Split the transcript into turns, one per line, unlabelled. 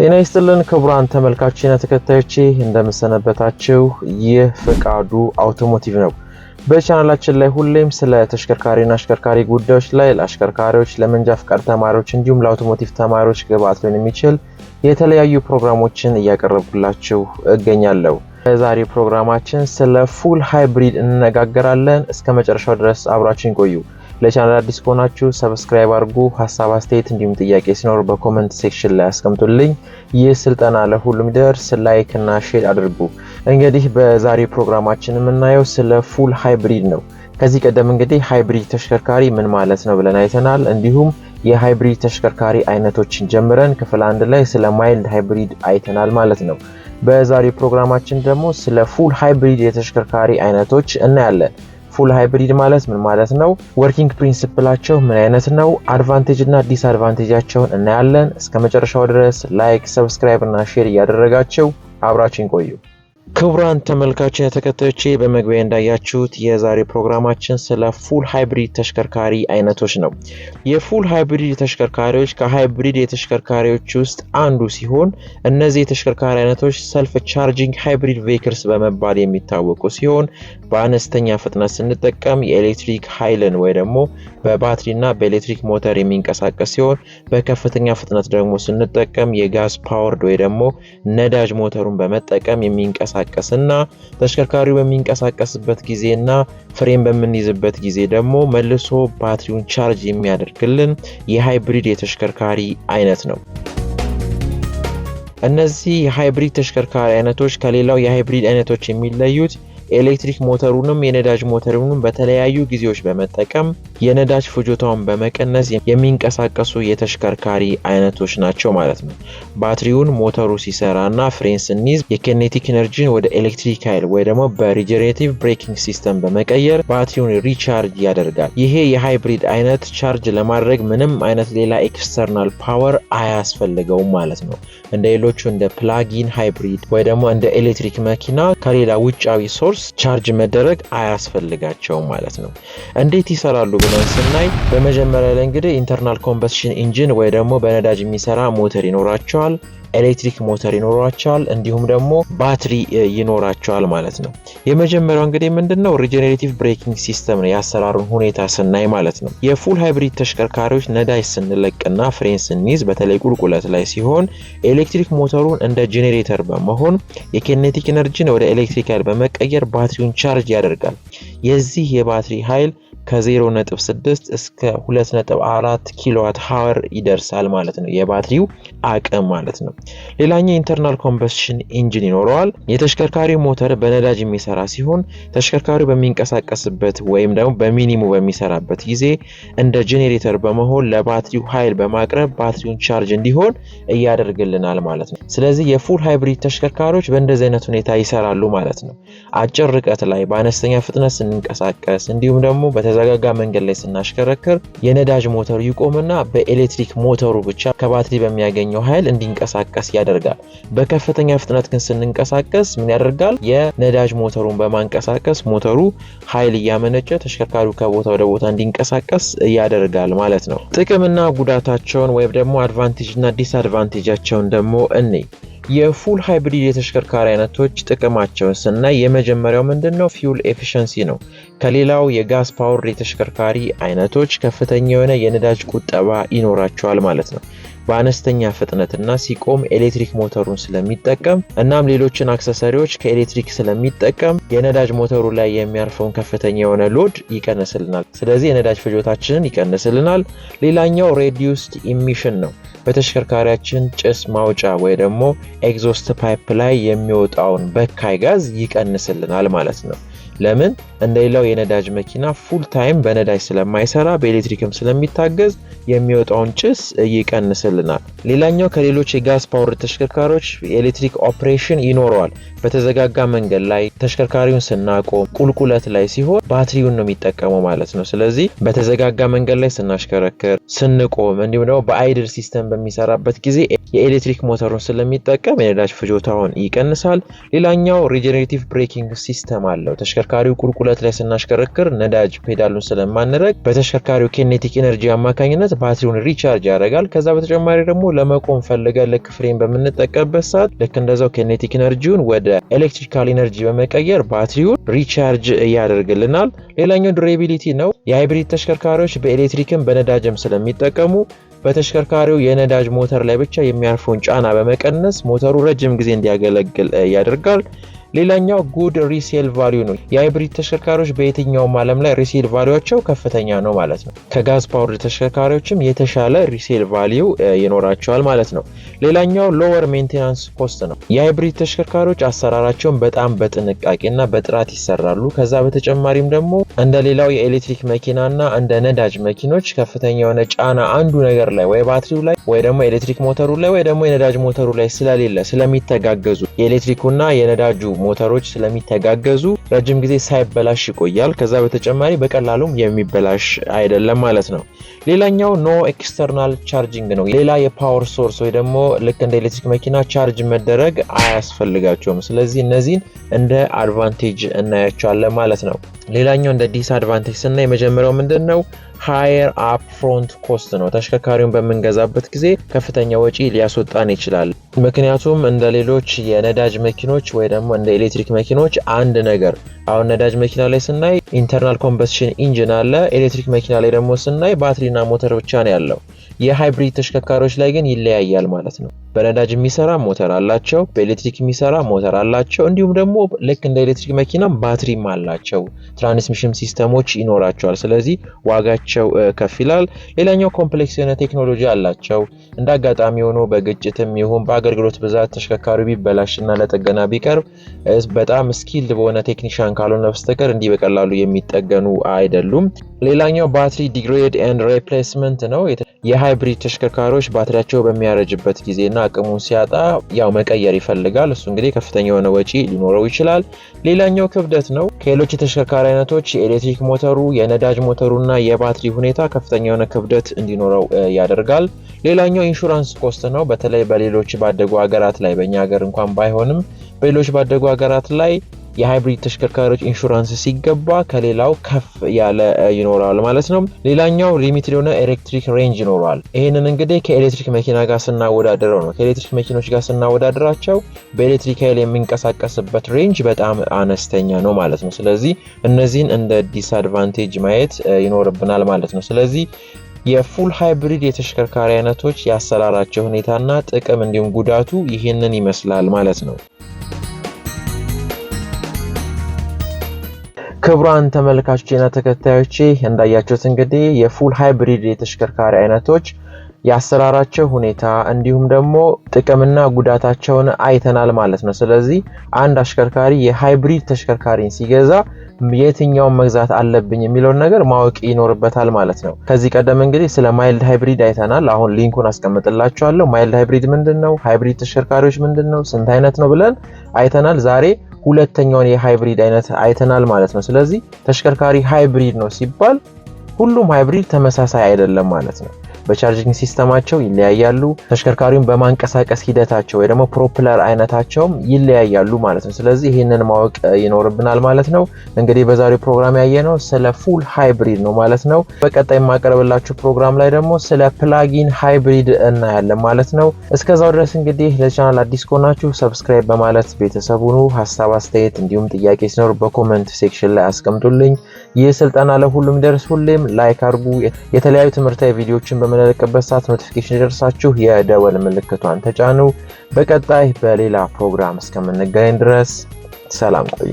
ጤና ይስጥልን ክቡራን ተመልካችና ተከታዮቼ እንደምሰነበታችሁ። ይህ ፍቃዱ አውቶሞቲቭ ነው። በቻናላችን ላይ ሁሌም ስለ ተሽከርካሪና አሽከርካሪ ጉዳዮች ላይ ለአሽከርካሪዎች፣ ለመንጃ ፍቃድ ተማሪዎች እንዲሁም ለአውቶሞቲቭ ተማሪዎች ግብዓት ሊሆን የሚችል የተለያዩ ፕሮግራሞችን እያቀረብኩላችሁ እገኛለሁ። በዛሬ ፕሮግራማችን ስለ ፉል ሃይብሪድ እንነጋገራለን። እስከ መጨረሻው ድረስ አብራችን ቆዩ። ለቻናል አዲስ ከሆናችሁ ሰብስክራይብ አድርጉ። ሀሳብ አስተያየት፣ እንዲሁም ጥያቄ ሲኖር በኮመንት ሴክሽን ላይ አስቀምጡልኝ። ይህ ስልጠና ለሁሉም ደርስ ላይክ እና ሼር አድርጉ። እንግዲህ በዛሬ ፕሮግራማችን የምናየው ስለ ፉል ሃይብሪድ ነው። ከዚህ ቀደም እንግዲህ ሃይብሪድ ተሽከርካሪ ምን ማለት ነው ብለን አይተናል። እንዲሁም የሃይብሪድ ተሽከርካሪ አይነቶችን ጀምረን ክፍል አንድ ላይ ስለ ማይልድ ሃይብሪድ አይተናል ማለት ነው። በዛሬ ፕሮግራማችን ደግሞ ስለ ፉል ሃይብሪድ የተሽከርካሪ አይነቶች እናያለን። ፉል ሃይብሪድ ማለት ምን ማለት ነው? ወርኪንግ ፕሪንስፕላቸው ምን አይነት ነው? አድቫንቴጅ እና ዲስአድቫንቴጃቸውን እናያለን። እስከ መጨረሻው ድረስ ላይክ፣ ሰብስክራይብ እና ሼር እያደረጋቸው አብራችን ቆዩ። ክቡራን ተመልካች ተከታዮች በመግቢያ እንዳያችሁት የዛሬ ፕሮግራማችን ስለ ፉል ሃይብሪድ ተሽከርካሪ አይነቶች ነው። የፉል ሃይብሪድ ተሽከርካሪዎች ከሃይብሪድ የተሽከርካሪዎች ውስጥ አንዱ ሲሆን እነዚህ የተሽከርካሪ አይነቶች ሰልፍ ቻርጂንግ ሃይብሪድ ቬክርስ በመባል የሚታወቁ ሲሆን በአነስተኛ ፍጥነት ስንጠቀም የኤሌክትሪክ ኃይልን ወይ ደግሞ በባትሪና በኤሌክትሪክ ሞተር የሚንቀሳቀስ ሲሆን በከፍተኛ ፍጥነት ደግሞ ስንጠቀም የጋዝ ፓወርድ ወይ ደግሞ ነዳጅ ሞተሩን በመጠቀም የሚንቀሳቀስና ተሽከርካሪው በሚንቀሳቀስበት ጊዜና ፍሬም በምንይዝበት ጊዜ ደግሞ መልሶ ባትሪውን ቻርጅ የሚያደርግልን የሃይብሪድ የተሽከርካሪ አይነት ነው። እነዚህ የሃይብሪድ ተሽከርካሪ አይነቶች ከሌላው የሃይብሪድ አይነቶች የሚለዩት ኤሌክትሪክ ሞተሩንም የነዳጅ ሞተሩንም በተለያዩ ጊዜዎች በመጠቀም የነዳጅ ፍጆታውን በመቀነስ የሚንቀሳቀሱ የተሽከርካሪ አይነቶች ናቸው ማለት ነው። ባትሪውን ሞተሩ ሲሰራና ፍሬን ስንይዝ የኬኔቲክ ኢነርጂን ወደ ኤሌክትሪክ ኃይል ወይ ደግሞ በሪጀሬቲቭ ብሬኪንግ ሲስተም በመቀየር ባትሪውን ሪቻርጅ ያደርጋል። ይሄ የሃይብሪድ አይነት ቻርጅ ለማድረግ ምንም አይነት ሌላ ኤክስተርናል ፓወር አያስፈልገውም ማለት ነው። እንደ ሌሎቹ እንደ ፕላጊን ሃይብሪድ ወይ ደግሞ እንደ ኤሌክትሪክ መኪና ከሌላ ውጫዊ ሶርስ ቁስ ቻርጅ መደረግ አያስፈልጋቸውም ማለት ነው። እንዴት ይሰራሉ ብለን ስናይ በመጀመሪያ ላይ እንግዲህ ኢንተርናል ኮምበስሽን ኢንጂን ወይ ደግሞ በነዳጅ የሚሰራ ሞተር ይኖራቸዋል። ኤሌክትሪክ ሞተር ይኖራቸዋል፣ እንዲሁም ደግሞ ባትሪ ይኖራቸዋል ማለት ነው። የመጀመሪያው እንግዲህ ምንድን ነው ሪጀኔሬቲቭ ብሬኪንግ ሲስተም ነው የአሰራሩን ሁኔታ ስናይ ማለት ነው። የፉል ሃይብሪድ ተሽከርካሪዎች ነዳጅ ስንለቅና ፍሬን ስንይዝ በተለይ ቁልቁለት ላይ ሲሆን ኤሌክትሪክ ሞተሩን እንደ ጄኔሬተር በመሆን የኬኔቲክ ኤነርጂን ወደ ኤሌክትሪክ ኃይል በመቀየር ባትሪውን ቻርጅ ያደርጋል። የዚህ የባትሪ ኃይል ከ0.6 እስከ 2.4 ኪሎዋት ሃወር ይደርሳል ማለት ነው፣ የባትሪው አቅም ማለት ነው። ሌላኛው ኢንተርናል ኮምበስሽን ኢንጂን ይኖረዋል። የተሽከርካሪው ሞተር በነዳጅ የሚሰራ ሲሆን ተሽከርካሪው በሚንቀሳቀስበት ወይም ደግሞ በሚኒሙ በሚሰራበት ጊዜ እንደ ጄኔሬተር በመሆን ለባትሪው ኃይል በማቅረብ ባትሪውን ቻርጅ እንዲሆን እያደርግልናል ማለት ነው። ስለዚህ የፉል ሃይብሪድ ተሽከርካሪዎች በእንደዚህ አይነት ሁኔታ ይሰራሉ ማለት ነው። አጭር ርቀት ላይ በአነስተኛ ፍጥነት ስንንቀሳቀስ እንዲሁም ደግሞ በተዛ በተረጋጋ መንገድ ላይ ስናሽከረክር የነዳጅ ሞተሩ ይቆምና በኤሌክትሪክ ሞተሩ ብቻ ከባትሪ በሚያገኘው ኃይል እንዲንቀሳቀስ ያደርጋል። በከፍተኛ ፍጥነት ግን ስንንቀሳቀስ ምን ያደርጋል? የነዳጅ ሞተሩን በማንቀሳቀስ ሞተሩ ኃይል እያመነጨ ተሽከርካሪው ከቦታ ወደ ቦታ እንዲንቀሳቀስ ያደርጋል ማለት ነው። ጥቅምና ጉዳታቸውን ወይም ደግሞ አድቫንቴጅና ዲስአድቫንቴጃቸውን ደግሞ እኔ የፉል ሃይብሪድ የተሽከርካሪ አይነቶች ጥቅማቸውን ስናይ የመጀመሪያው ምንድን ነው? ፊውል ኤፊሸንሲ ነው። ከሌላው የጋዝ ፓወር የተሽከርካሪ አይነቶች ከፍተኛ የሆነ የነዳጅ ቁጠባ ይኖራቸዋል ማለት ነው። በአነስተኛ ፍጥነትና ሲቆም ኤሌክትሪክ ሞተሩን ስለሚጠቀም እናም ሌሎችን አክሰሰሪዎች ከኤሌክትሪክ ስለሚጠቀም የነዳጅ ሞተሩ ላይ የሚያርፈውን ከፍተኛ የሆነ ሎድ ይቀንስልናል። ስለዚህ የነዳጅ ፍጆታችንን ይቀንስልናል። ሌላኛው ሬዲዩስድ ኢሚሽን ነው። በተሽከርካሪያችን ጭስ ማውጫ ወይ ደግሞ ኤግዞስት ፓይፕ ላይ የሚወጣውን በካይ ጋዝ ይቀንስልናል ማለት ነው። ለምን እንደሌላው የነዳጅ መኪና ፉል ታይም በነዳጅ ስለማይሰራ በኤሌክትሪክም ስለሚታገዝ የሚወጣውን ጭስ ይቀንስልናል። ሌላኛው ከሌሎች የጋዝ ፓወር ተሽከርካሪዎች የኤሌክትሪክ ኦፕሬሽን ይኖረዋል። በተዘጋጋ መንገድ ላይ ተሽከርካሪውን ስናቆም ቁልቁለት ላይ ሲሆን ባትሪውን ነው የሚጠቀመው ማለት ነው። ስለዚህ በተዘጋጋ መንገድ ላይ ስናሽከረክር፣ ስንቆም እንዲሁም ደግሞ በአይድል ሲስተም በሚሰራበት ጊዜ የኤሌክትሪክ ሞተሩን ስለሚጠቀም የነዳጅ ፍጆታውን ይቀንሳል። ሌላኛው ሪጀኔሬቲቭ ብሬኪንግ ሲስተም አለው። ተሽከርካሪው ቁልቁለት ላይ ስናሽከረክር ነዳጅ ፔዳሉን ስለማንረግ በተሽከርካሪው ኬኔቲክ ኤነርጂ አማካኝነት ባትሪውን ሪቻርጅ ያደርጋል። ከዛ በተጨማሪ ደግሞ ለመቆም ፈልገን ልክ ፍሬን በምንጠቀምበት ሰዓት ልክ እንደዛው ኬኔቲክ ኤነርጂውን ወደ ኤሌክትሪካል ኢነርጂ በመቀየር ባትሪውን ሪቻርጅ ያደርግልናል። ሌላኛው ዱሬቢሊቲ ነው። የሃይብሪድ ተሽከርካሪዎች በኤሌክትሪክም በነዳጅም ስለሚጠቀሙ በተሽከርካሪው የነዳጅ ሞተር ላይ ብቻ የሚያርፈውን ጫና በመቀነስ ሞተሩ ረጅም ጊዜ እንዲያገለግል ያደርጋል። ሌላኛው ጉድ ሪሴል ቫሊዩ ነው። የሃይብሪድ ተሽከርካሪዎች በየትኛውም ዓለም ላይ ሪሴል ቫሊዩቸው ከፍተኛ ነው ማለት ነው። ከጋዝ ፓወርድ ተሽከርካሪዎችም የተሻለ ሪሴል ቫሊዩ ይኖራቸዋል ማለት ነው። ሌላኛው ሎወር ሜንቴናንስ ኮስት ነው። የሃይብሪድ ተሽከርካሪዎች አሰራራቸውን በጣም በጥንቃቄና በጥራት ይሰራሉ። ከዛ በተጨማሪም ደግሞ እንደ ሌላው የኤሌክትሪክ መኪናና እንደ ነዳጅ መኪኖች ከፍተኛ የሆነ ጫና አንዱ ነገር ላይ ወይ ባትሪው ላይ ወይ ደግሞ ኤሌክትሪክ ሞተሩ ላይ ወይ ደግሞ የነዳጅ ሞተሩ ላይ ስለሌለ ስለሚተጋገዙ የኤሌክትሪኩና የነዳጁ ሞተሮች ስለሚተጋገዙ ረጅም ጊዜ ሳይበላሽ ይቆያል። ከዛ በተጨማሪ በቀላሉም የሚበላሽ አይደለም ማለት ነው። ሌላኛው ኖ ኤክስተርናል ቻርጂንግ ነው። ሌላ የፓወር ሶርስ ወይ ደግሞ ልክ እንደ ኤሌክትሪክ መኪና ቻርጅ መደረግ አያስፈልጋቸውም። ስለዚህ እነዚህን እንደ አድቫንቴጅ እናያቸዋለን ማለት ነው። ሌላኛው እንደ ዲስ አድቫንቴጅ ስና የመጀመሪያው ምንድን ነው? ሃየር አፕፍሮንት ኮስት ነው። ተሽከርካሪውን በምንገዛበት ጊዜ ከፍተኛ ወጪ ሊያስወጣን ይችላል። ምክንያቱም እንደ ሌሎች የነዳጅ መኪኖች ወይ ደግሞ እንደ ኤሌክትሪክ መኪኖች አንድ ነገር አሁን ነዳጅ መኪና ላይ ስናይ ኢንተርናል ኮምበስሽን ኢንጂን አለ። ኤሌክትሪክ መኪና ላይ ደግሞ ስናይ ባትሪና ሞተር ብቻ ነው ያለው። የሃይብሪድ ተሽከርካሪዎች ላይ ግን ይለያያል ማለት ነው። በነዳጅ የሚሰራ ሞተር አላቸው። በኤሌክትሪክ የሚሰራ ሞተር አላቸው። እንዲሁም ደግሞ ልክ እንደ ኤሌክትሪክ መኪና ባትሪም አላቸው። ትራንስሚሽን ሲስተሞች ይኖራቸዋል። ስለዚህ ዋጋቸው ከፍ ይላል። ሌላኛው ኮምፕሌክስ የሆነ ቴክኖሎጂ አላቸው። እንደ አጋጣሚ ሆኖ በግጭትም ይሁን በአገልግሎት ብዛት ተሽከርካሪው ቢበላሽና ለጥገና ቢቀርብ በጣም ስኪልድ በሆነ ቴክኒሽያን ካልሆነ በስተቀር እንዲህ በቀላሉ የሚጠገኑ አይደሉም። ሌላኛው ባትሪ ዲግሬድ ኤንድ ሬፕሌስመንት ነው። የሃይብሪድ ተሽከርካሪዎች ባትሪያቸው በሚያረጅበት ጊዜና አቅሙን ሲያጣ ያው መቀየር ይፈልጋል። እሱ እንግዲህ ከፍተኛ የሆነ ወጪ ሊኖረው ይችላል። ሌላኛው ክብደት ነው። ከሌሎች የተሽከርካሪ አይነቶች የኤሌክትሪክ ሞተሩ፣ የነዳጅ ሞተሩና የባትሪ ሁኔታ ከፍተኛ የሆነ ክብደት እንዲኖረው ያደርጋል። ሌላኛው ኢንሹራንስ ኮስት ነው። በተለይ በሌሎች ባደጉ ሀገራት ላይ በእኛ ሀገር እንኳን ባይሆንም በሌሎች ባደጉ ሀገራት ላይ የሃይብሪድ ተሽከርካሪዎች ኢንሹራንስ ሲገባ ከሌላው ከፍ ያለ ይኖረዋል ማለት ነው። ሌላኛው ሊሚትድ የሆነ ኤሌክትሪክ ሬንጅ ይኖረዋል። ይህንን እንግዲህ ከኤሌክትሪክ መኪና ጋር ስናወዳደረው ነው ከኤሌክትሪክ መኪኖች ጋር ስናወዳደራቸው በኤሌክትሪክ ኃይል የሚንቀሳቀስበት ሬንጅ በጣም አነስተኛ ነው ማለት ነው። ስለዚህ እነዚህን እንደ ዲስአድቫንቴጅ ማየት ይኖርብናል ማለት ነው። ስለዚህ የፉል ሃይብሪድ የተሽከርካሪ አይነቶች ያሰራራቸው ሁኔታና ጥቅም እንዲሁም ጉዳቱ ይህንን ይመስላል ማለት ነው። ክቡራን ተመልካቾችና ተከታዮቼ እንዳያችሁት እንግዲህ የፉል ሃይብሪድ የተሽከርካሪ አይነቶች የአሰራራቸው ሁኔታ እንዲሁም ደግሞ ጥቅምና ጉዳታቸውን አይተናል ማለት ነው። ስለዚህ አንድ አሽከርካሪ የሃይብሪድ ተሽከርካሪን ሲገዛ የትኛውን መግዛት አለብኝ የሚለውን ነገር ማወቅ ይኖርበታል ማለት ነው። ከዚህ ቀደም እንግዲህ ስለ ማይልድ ሃይብሪድ አይተናል። አሁን ሊንኩን አስቀምጥላችኋለሁ። ማይልድ ሃይብሪድ ምንድን ነው? ሃይብሪድ ተሽከርካሪዎች ምንድን ነው? ስንት አይነት ነው ብለን አይተናል። ዛሬ ሁለተኛውን የሃይብሪድ አይነት አይተናል ማለት ነው። ስለዚህ ተሽከርካሪ ሃይብሪድ ነው ሲባል ሁሉም ሃይብሪድ ተመሳሳይ አይደለም ማለት ነው። በቻርጅንግ ሲስተማቸው ይለያያሉ። ተሽከርካሪውን በማንቀሳቀስ ሂደታቸው ወይ ደግሞ ፕሮፕለር አይነታቸውም ይለያያሉ ማለት ነው። ስለዚህ ይህንን ማወቅ ይኖርብናል ማለት ነው። እንግዲህ በዛሬው ፕሮግራም ያየነው ስለ ፉል ሃይብሪድ ነው ማለት ነው። በቀጣይ የማቀርብላችሁ ፕሮግራም ላይ ደግሞ ስለ ፕላጊን ሃይብሪድ እናያለን ማለት ነው። እስከዛው ድረስ እንግዲህ ለቻናል አዲስ ከሆናችሁ ሰብስክራይብ በማለት ቤተሰብ ሁኑ። ሀሳብ አስተያየት፣ እንዲሁም ጥያቄ ሲኖር በኮመንት ሴክሽን ላይ አስቀምጡልኝ። ይህ ስልጠና ለሁሉም ደርስ፣ ሁሌም ላይክ አድርጉ። የተለያዩ ትምህርታዊ ቪዲዮዎችን በምንለቅበት ሰዓት ኖቲፊኬሽን ደርሳችሁ የደወል ምልክቷን ተጫኑ። በቀጣይ በሌላ ፕሮግራም እስከምንገናኝ ድረስ ሰላም ቆዩ።